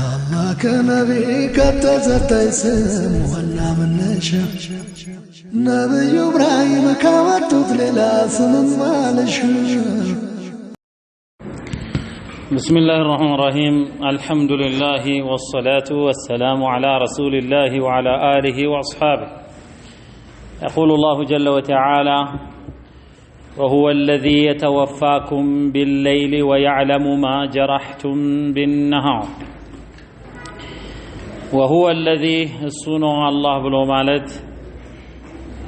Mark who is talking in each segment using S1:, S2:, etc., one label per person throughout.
S1: الله من نبي إبراهيم مالش بسم الله الرحمن الرحيم الحمد لله والصلاة والسلام على رسول الله وعلى آله وأصحابه يقول الله جل وتعالى وهو الذي يتوفاكم بالليل ويعلم ما جرحتم بالنهار وهو الذي صنع الله بالومالت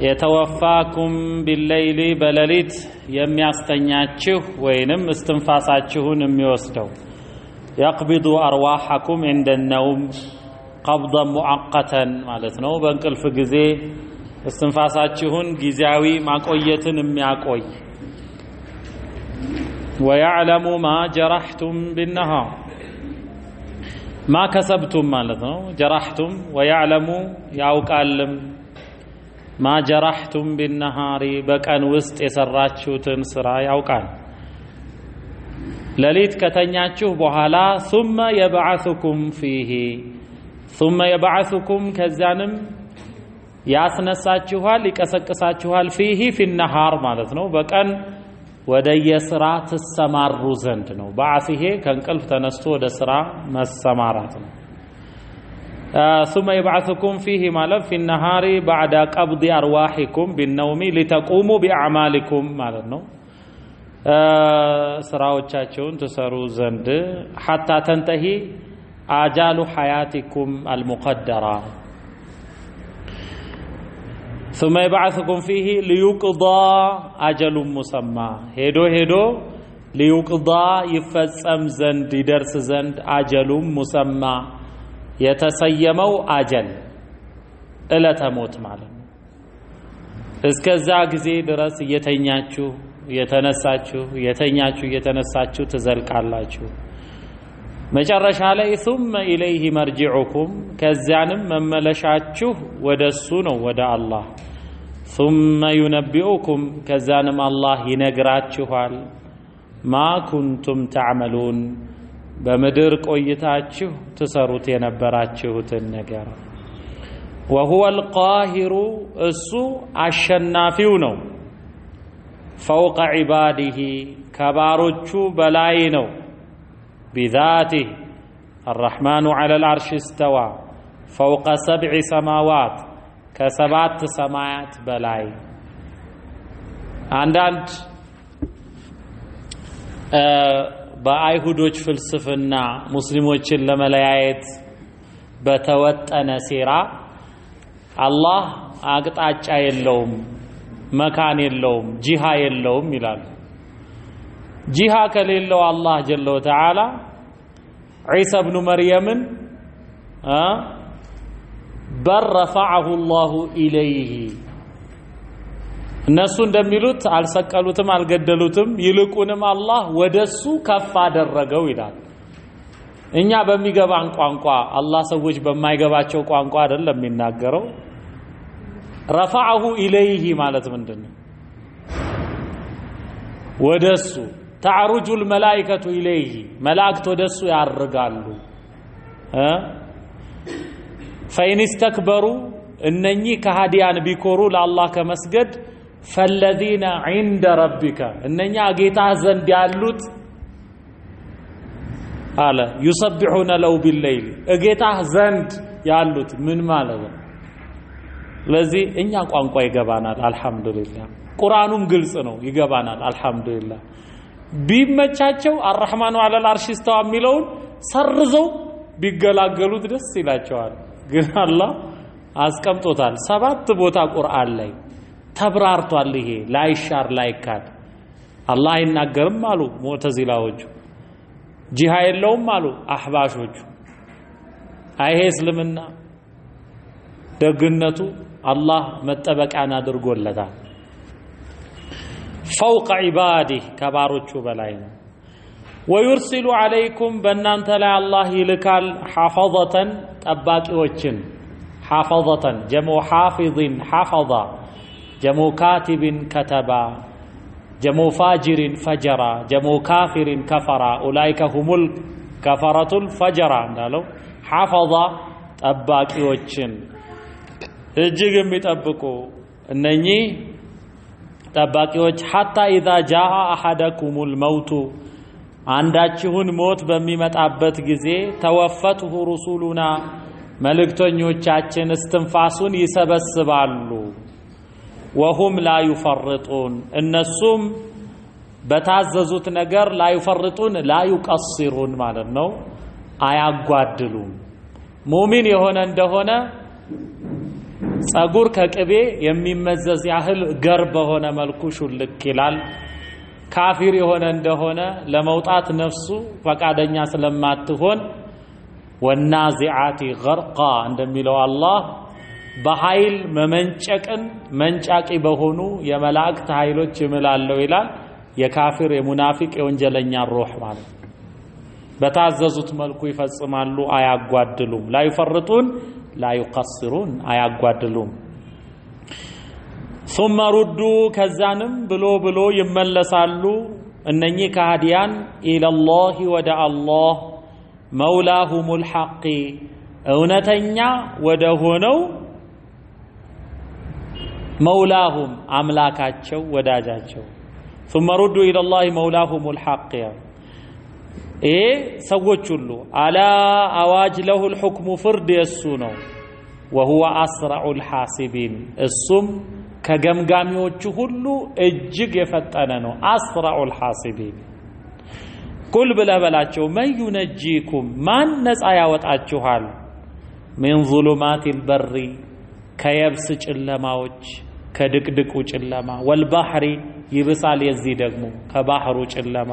S1: يتوفاكم بالليل بلليت يم يستنياتشه وينم استنفاساتشه نم يوسدو يقبض أرواحكم عند النوم قبضا مؤقتا مالتنا وبنك الفقزي استنفاساتشهن جزاوي معكوية نم يعكوي ويعلم ما جرحتم بالنهار ما كسبتم مالتنا جرحتم ويعلم يعلم ما جرحتم بالنهار بك أن وست يسرات شو لليت كتن بحالا ثم يبعثكم فيه ثم يبعثكم كزانم ያስነሳችኋል ይቀሰቅሳችኋል ፊሂ ፊነሃር ማለት ነው በቀን ወደ የስራ ትሰማሩ ዘንድ ነው። በዓት ይሄ ከእንቅልፍ ተነስቶ ወደ ስራ መሰማራት ነው። ሱመ የብዓትኩም ፊህ ማለት ፊ ነሃሪ ባዕዳ ቀብዲ አርዋሒኩም ቢነውሚ ሊተቁሙ ቢአዕማሊኩም ማለት ነው። ስራዎቻቸውን ትሰሩ ዘንድ ሐታ ተንተሂ አጃሉ ሐያቲኩም አልሙቀደራ ثم يبعثكم فيه ليقضى አጀሉን ሙሰማ ሄዶ ሄዶ ليقضى ይፈጸም ዘንድ ይደርስ ዘንድ አጀሉን ሙሰማ የተሰየመው አጀል እለተ ሞት ማለት ነው። እስከዛ ጊዜ ድረስ እየተኛችሁ እየተነሳችሁ እየተኛችሁ እየተነሳችሁ ትዘልቃላችሁ። መጨረሻ ላይ ሱመ ኢለይህ መርጅዑኩም ከዚያንም መመለሻችሁ ወደ እሱ ነው ወደ አላህ ሱመ ينبئكم ከዚያንም አላህ ይነግራችኋል ማ ኩንቱም ተዕመሉን በምድር ቆይታችሁ ትሰሩት የነበራችሁትን ነገር ወሁወ አልቃሂሩ እሱ አሸናፊው ነው ፈውቀ ዒባዲሂ ከባሮቹ በላይ ነው بذاته الرحمن على አርሽ استوى ፈውቀ سبع ሰማዋት ከሰባት ሰማያት በላይ አንዳንድ በአይሁዶች ፍልስፍና ሙስሊሞችን ለመለያየት በተወጠነ ሴራ አላህ አቅጣጫ የለውም፣ መካን የለውም፣ ጂሃ የለውም ይላሉ። ጂሃ ከሌለው አላህ ጀለ ወተዓላ ዒሳ ብኑ መርየምን በል ረፈዐሁ ላሁ ኢለይህ እነሱ እንደሚሉት አልሰቀሉትም፣ አልገደሉትም። ይልቁንም አላህ ወደሱ ከፍ አደረገው ይላል። እኛ በሚገባን ቋንቋ አላህ ሰዎች በማይገባቸው ቋንቋ አይደለም የሚናገረው። ረፈዐሁ ኢለይህ ማለት ምንድን ነው? ወደሱ ተዕሩጁ ልመላይከቱ ኢለይህ መላእክት ወደ እሱ ያርጋሉ። ፈኢን ስተክበሩ እነኚህ ከሃዲያን ቢኮሩ ለአላህ ከመስገድ ፈለዚነ ዒንደ ረቢከ እነኛ ጌታ ዘንድ ያሉት አለ ዩሰቢሑነ ለው ቢለይል እጌታ ዘንድ ያሉት ምን ማለት ነው? ስለዚህ እኛ ቋንቋ ይገባናል፣ አልሐምዱሊላህ። ቁርአኑም ግልጽ ነው፣ ይገባናል፣ አልሐምዱሊላህ። ቢመቻቸው አራህማኑ አለል አርሽ ስተዋ የሚለውን ሰርዘው ቢገላገሉት ደስ ይላቸዋል። ግን አላህ አስቀምጦታል። ሰባት ቦታ ቁርአን ላይ ተብራርቷል። ይሄ ላይሻር ላይካድ አላህ አይናገርም አሉ ሙዕተዚላዎቹ። ጂሃ የለውም አሉ አህባሾቹ። አይሄ እስልምና ደግነቱ አላህ መጠበቂያን አድርጎለታል። فوق عباده كبارو تشوبلاين ويرسل عليكم بان انت لا الله لك حافظة تباك وجن حافظة جمو حافظ حفظ جمو كاتب كتب جمو فاجر فجر جمو كافر كفر اولئك هم الكفرة الفجر حافظ تباك وجن اجيك متابكو انني ጠባቂዎች ሐታ ኢዛ ጃአ አሐደኩሙል መውቱ አንዳችሁን ሞት በሚመጣበት ጊዜ ተወፈትሁ ሩሱሉና መልእክተኞቻችን እስትንፋሱን ይሰበስባሉ። ወሁም ላዩፈርጡን እነሱም በታዘዙት ነገር ላዩፈርጡን ላዩቀስሩን ማለት ነው፣ አያጓድሉም ሙሚን የሆነ እንደሆነ ጸጉር ከቅቤ የሚመዘዝ ያህል ገር በሆነ መልኩ ሹልክ ይላል። ካፊር የሆነ እንደሆነ ለመውጣት ነፍሱ ፈቃደኛ ስለማትሆን ወናዚዓቲ ገርቃ እንደሚለው አላህ በኃይል መመንጨቅን መንጫቂ በሆኑ የመላእክት ኃይሎች ይምላለው ይላል። የካፊር የሙናፊቅ የወንጀለኛ ሩህ ማለት በታዘዙት መልኩ ይፈጽማሉ፣ አያጓድሉም። ላዩፈርጡን ላዩቀስሩን አያጓድሉም። ሱመ ሩዱ ከዛንም ብሎ ብሎ ይመለሳሉ እነኚህ ከሃዲያን ኢለላሂ ወደ አላህ መውላሁሙል ሐቂ እውነተኛ ወደ ሆነው መውላሁም አምላካቸው ወዳጃቸው ሱመ ሩዱ ኢለላሂ መውላሁሙል ሐቂ ይሄ ሰዎች ሁሉ አላ አዋጅ ለሁል ሑክሙ ፍርድ የእሱ ነው። ወሁወ አስራዑል ሐሲቢን እሱም ከገምጋሚዎቹ ሁሉ እጅግ የፈጠነ ነው። አስራዑል ሐሲቢን ቁል ብለህ በላቸው መን ዩነጂኩም ማን ነፃ ያወጣችኋል? ሚን ዙሉማቲል በሪ ከየብስ ጨለማዎች ከድቅድቁ ጨለማ ወልባሕሪ ይብሳል የዚህ ደግሞ ከባሕሩ ጨለማ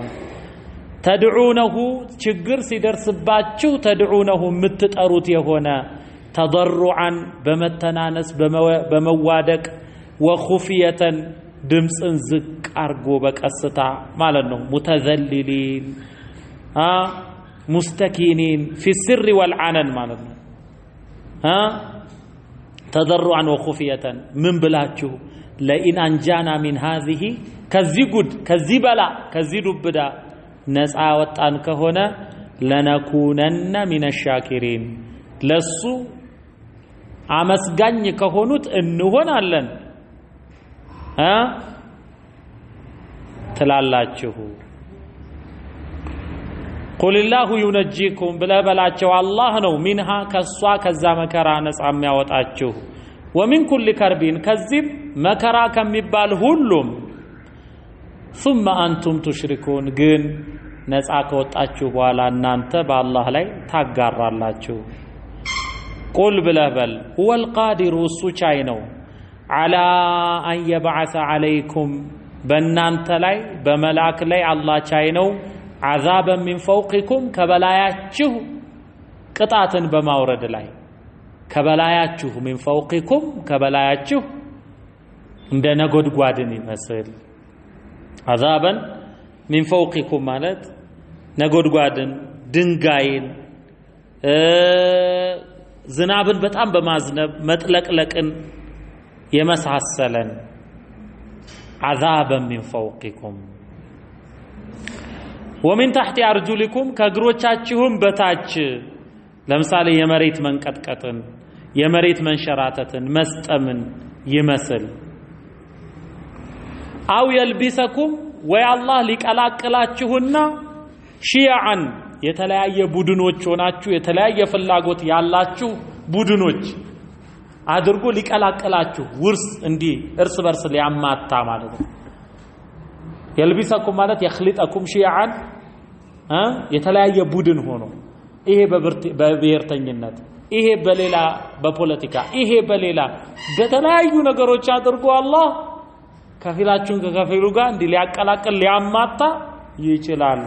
S1: تدعونه شجر سيدر سباتشو تدعونه متتاروت يهونا تضرعا بمتنانس بمو بموادك وخفية دمس انزك ارجو بك استطاع ما متذللين ها مستكينين في السر والعنن ما ها تضرعا وخفية من بلاتشو لئن انجانا من هذه كزي قد كزي بلا ነፃ ወጣን ከሆነ ለነኩነነ ሚነ ሻኪሪን ለሱ አመስጋኝ ከሆኑት እንሆናለን እ ትላላችሁ ቁልላሁ ዩነጂኩም ብለህ በላቸው አላህ ነው ሚንሃ ከሷ ከዛ መከራ ነፃ የሚያወጣችሁ ወሚን ኩል ከርቢን ከዚህም መከራ ከሚባል ሁሉም ሱመ አንቱም ቱሽሪኩን ግን ነፃ ከወጣችሁ በኋላ እናንተ በአላህ ላይ ታጋራላችሁ። ቁል ብለህ በል ሁወል ቃዲሩ እሱ ቻይ ነው ዓላ አን የበዓሰ ዓለይኩም በእናንተ ላይ በመላእክ ላይ አላህ ቻይ ነው ዓዛበን ሚን ፈውቂኩም ከበላያችሁ ቅጣትን በማውረድ ላይ ከበላያችሁ ሚን ፈውቂኩም ከበላያችሁ እንደ ነጎድጓድን ይመስል አዛበን ሚን ፈውቂኩም ማለት ነጎድጓድን፣ ድንጋይን፣ ዝናብን በጣም በማዝነብ መጥለቅለቅን የመሳሰለን አዛበን ሚን ፈውቂኩም ወሚን ታሕቲ አርጁሊኩም ከእግሮቻችሁም በታች ለምሳሌ የመሬት መንቀጥቀጥን፣ የመሬት መንሸራተትን፣ መስጠምን ይመስል አው የልቢሰኩም ወይ አላህ ሊቀላቅላችሁና ሺያዓን የተለያየ ቡድኖች ሆናችሁ የተለያየ ፍላጎት ያላችሁ ቡድኖች አድርጎ ሊቀላቅላችሁ ውርስ እንዲህ እርስ በርስ ሊያማታ ማለት ነው። የልቢሰኩም ማለት የኽሊጠኩም ሺያዓን የተለያየ ቡድን ሆኖ ይሄ በብሔርተኝነት ይሄ በሌላ በፖለቲካ ይሄ በሌላ በተለያዩ ነገሮች አድርጎ አላህ ከፊላችሁን ከከፊሉ ጋር እንዲህ ሊያቀላቅል ሊያማታ ይችላል።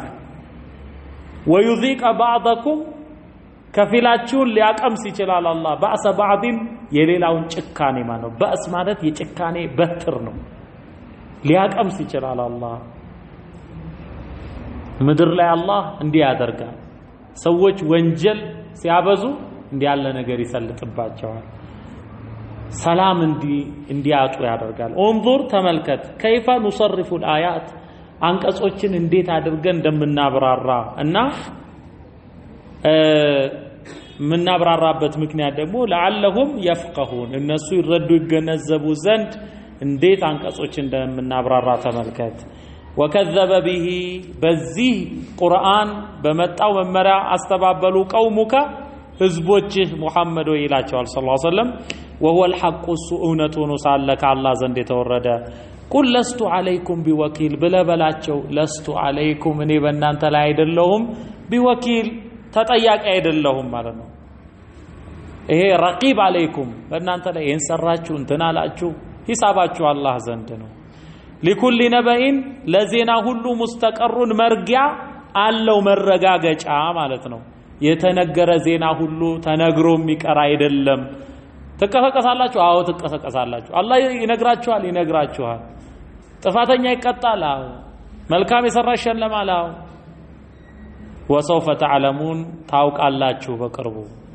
S1: ወዩዚቀ ባዕደኩም ከፊላችሁን ሊያቀምስ ይችላል። አላህ በእሰ ባዕዲን የሌላውን ጭካኔ ማለት ነው። በእስ ማለት የጭካኔ በትር ነው። ሊያቀምስ ይችላል አላህ። ምድር ላይ አላህ እንዲህ ያደርጋል። ሰዎች ወንጀል ሲያበዙ እንዲህ ያለ ነገር ይሰልጥባቸዋል። ሰላም እንዲያጡ ያደርጋል። ኦንዙር ተመልከት፣ ከይፈ ኑሰርፉል አያት አንቀጾችን እንዴት አድርገን እንደምናብራራ እና የምናብራራበት ምክንያት ደግሞ ለዓለሁም የፍቀሁን እነሱ ይረዱ ይገነዘቡ ዘንድ እንዴት አንቀጾችን እንደምናብራራ ተመልከት። ወከዘበ ብሂ በዚህ ቁርአን በመጣው መመሪያ አስተባበሉ ቀውሙከ ህዝቦችህ ሙሐመድ ወይ ይላቸዋል ስ ሰለም ወሁወል ሐቁ እሱ እውነት ሆኖ ሳለ ከአላህ ዘንድ የተወረደ ቁል ለስቱ አለይኩም ቢወኪል ብለህ በላቸው ለስቱ አለይኩም እኔ በእናንተ ላይ አይደለሁም ቢወኪል ተጠያቂ አይደለሁም ማለት ነው ይሄ ረቂብ አለይኩም በእናንተ ላይ ይህን ሰራችሁ እንትን አላችሁ ሂሳባችሁ አላህ ዘንድ ነው ሊኩሊ ነበኢን ለዜና ሁሉ ሙስተቀሩን መርጊያ አለው መረጋገጫ ማለት ነው የተነገረ ዜና ሁሉ ተነግሮ የሚቀር አይደለም። ትቀሰቀሳላችሁ? አዎ ትቀሰቀሳላችሁ። አላህ ይነግራችኋል፣ ይነግራችኋል። ጥፋተኛ ይቀጣል። አዎ መልካም የሰራ ይሸለማል። አዎ ወሰውፈ ተዕለሙን ታውቃላችሁ በቅርቡ